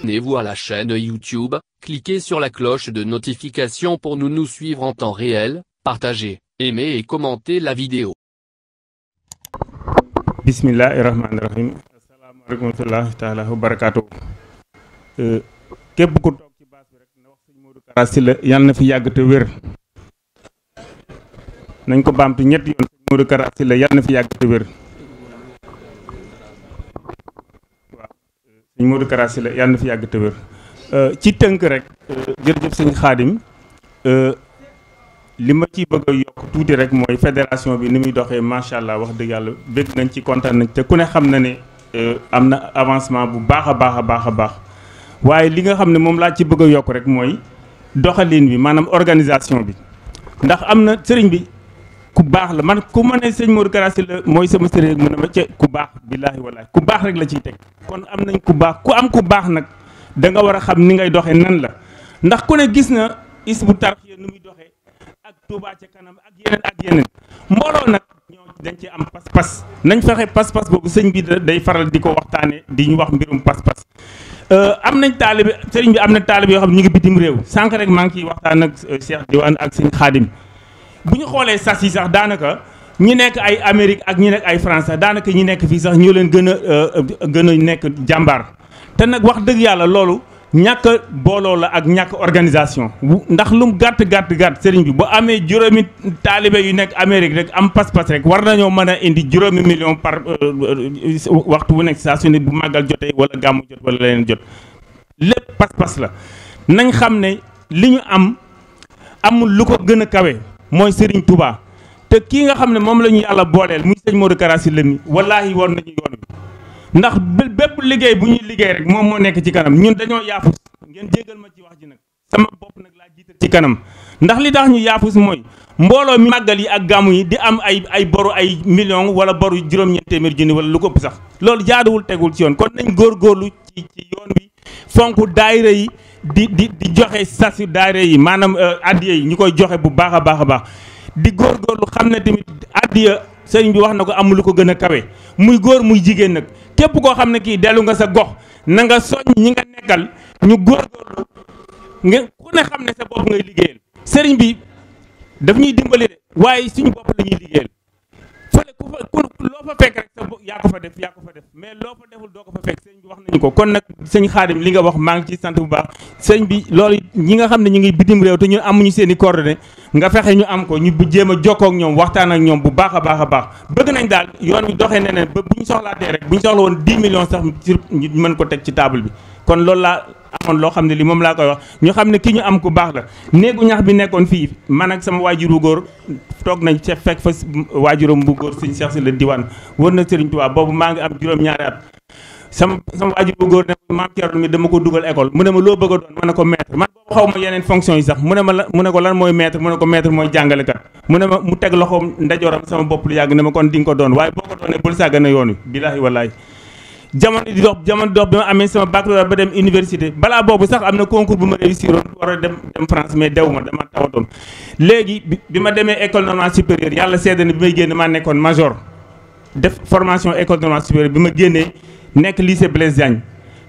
Abonnez-vous à la chaîne YouTube, cliquez sur la cloche de notification pour nous nous suivre en temps réel, partagez, aimez et commentez la vidéo. Bismillahirrahmanirrahim. Asalaamaaleykum wa rahmatullahi taala wa barakaatu. Euh, képp ku toog ci baas bi rek na wax sëñ Modou Kara Sylla yal na fi yàgg te wér. nañ ko baamtu ñetti yoon. Modou Kara Sylla yàlla na fi yàgg te wér waaw sëñ Modou Kara Sylla yàlla na fi yàgg te euh, ci tënk rek euh, jërëjëf sëñ Xaadim euh, li ma ci bëgg yokk tuuti rek mooy fédération bi ni muy doxee macha allah wax dëgg yàlla bëgg nañ ci kontaan nañ te ku ne xam na ne am na avancement bu baax a baax a baax a baax waaye li nga xam ne moom laa ci bëgg a yokk rek mooy doxalin bi maanaam organisation bi ndax am na sëriñ bi ku bax la man ku mané ne sëñ Modou le Sylla la mooy sama sere ak mané ci ku bax billahi wallahi ku bax rek la ci tek kon am nañ ku bax ku am ku bax nak da nga wara xam ni ngay doxé nan la ndax ku ne gis na Hizbut tarxiya numuy doxé ak Touba ci kanam ak yenen ak yenen mbolo nak ñoo dañ ci am pas-pas nañ fexe pas-pas bobu sëñ bi day faral diko ko di ñu wax mbirum pas-pas euh, am nañ talib, sëriñ bi am na talib yo xam ñi ngi bitim rew sank rek maa ngi ak euh, Cheikh diwan ak khadim bu ñu xoolee sas yi sax daanaka ñi nekk ay Amérique ak ñi nekk ay France daanaka ñi nekk fii sax ñoo leen gën a euh, gën a nekk jàmbaar te nag wax dëgg yàlla loolu ñàkk booloo la ak ñàkk organisation ndax lu mu gàtt gàtt gàtt sëriñ bi bu amee juróomi taalibe yu nekk Amérique rek am pas-pas rek war nañoo mën a indi juróomi million par euh, euh, waxtu wu nekk saa su ne bu màggal jotee wala gàmmu jot wala leneen jot lépp pas-pas la nañ xam ne li ñu am amul lu ko gën a kawe mooy Serigne Touba te kii nga xam ne moom la ñu yàlla booleel muy sëñ Modou Kara Sylla mi wallaahi woon nañu yoon wi ndax bépp liggéey bu ñuy liggéey rek moom moo nekk ci kanam ñun dañoo yaafus ngeen jéggal ma ci wax ji nag sama bopp nag laa jiital ci kanam ndax li tax ñu yaafus mooy mbooloo mi màggal yi ak gàmmu yi di am ay ay boru ay million wala boru juróom-ñeent téeméer junni wala lu ko ëpp sax loolu jaaduwul tegul ci yoon kon nañ góorgóorlu ci ci yoon wi fonk daayira di di di joxe sasu daara yi maanaam euh, addiya yi ñu koy joxe bu baax a baax a baax di góorgóorlu xam ne tamit addiya sëriñ bi wax na ko amul ko gën a kawe muy góor muy jigéen nag képp koo xam ne kii dellu nga sa gox na nga soññ ñi nga nekkal ñu góorgóorlu nga ku ne xam ne sa bopp ngay liggéeyal sëriñ bi daf ñuy dimbali de waaye suñu bopp la liggéeyal fële ku fa loo fa fekk rek sa yaa ko fa def yaa ko fa def mais loo fa deful doo ko fa fekk sëñ wax nañu ko kon nag sëñ xaadim li nga wax maa ngi ci sant bu baax sëñ bi loolu ñi nga xam ne ñu ngi bitim réew te ñun amuñu seeni i coordonnées nga fexe ñu am ko ñu bu jéem a jokkoo ak ñoom waxtaan ak ñoom bu baax a baax a baax bëgg nañ daal yoon wi doxee neneen ba bu ñu soxlaatee rek bu ñu soxla woon 10 million sax ñu mën ko teg ci table bi kon loolu laa amoon loo xam ne li moom laa koy wax ñu xam ne ki ñu am ku baax la néegu ñax bi nekkoon fii man ak sama waajuru góor toog nañ ca fekk fa waajuram bu góor sëñ Cheikh si la diwaan wër na Serigne Touba boobu maa ngi am juróom-ñaari sama waajur bu góor ne maam Thierno mi dama ko dugal école mu ne ma loo bëgg a doon ma ne ko maître man boo xaw ma yeneen fonction yi sax mu ne ma la mu ne ko lan mooy maître mu ne ko maître mooy jàngalekat mu ne ma mu teg loxoom ndajooram yàgg ne ma kon di nga doon waaye boo ko doonee bul sàggane yoon wi jamono di dox jamono dox bima amé sama baccalauréat ba dem université bala bobu sax amna concours bu ma réussiroon war a dem dem France mais dew ma dama tawaton légui bima démé demee école normale supérieure yalla seede bima génné may nékkone major def formation école normale supérieure bima génné génnee lycée Blaise Diagne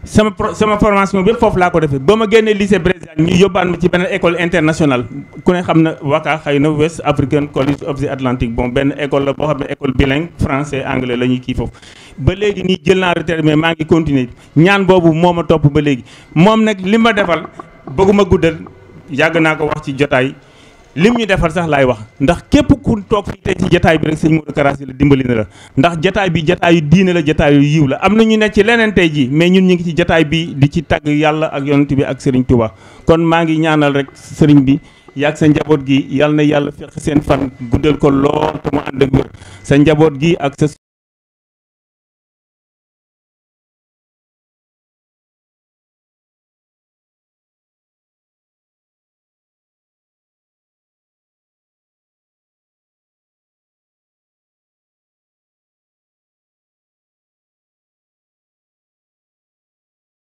sama sama formation bépp fofu la ko défé bama génné lycée Diagne ñu yóbbaan ma ci benn école internationale ku ne xam na waka xëy na West African College of the Atlantic bon benn école la boo xam ne école bilingue français anglais la ñuy kii foofu ba léegi nii jël naa retraite mais maa ngi continuer ñaan boobu moo ma topp ba léegi moom nag li ma defal bëgguma guddal yàgg naa ko wax ci jotaay lim ñu defal sax laay wax ndax képp ku toog fii tey ci jataay bi rek sëñ Modou Kara la dimbali na la ndax jataay bi jataayu diine la jataay jataayu yiw la am na ñu ne ci leneen tey ji mais ñun ñu ngi ci jataay bi di ci tagg yàlla ak yonent bi ak sëriñ Touba kon maa ngi ñaanal rek sëriñ bi yàgg sa njaboot gi yal na yàlla fekk seen fan guddal ko lool te mu ànd ak sa njaboot gi ak sa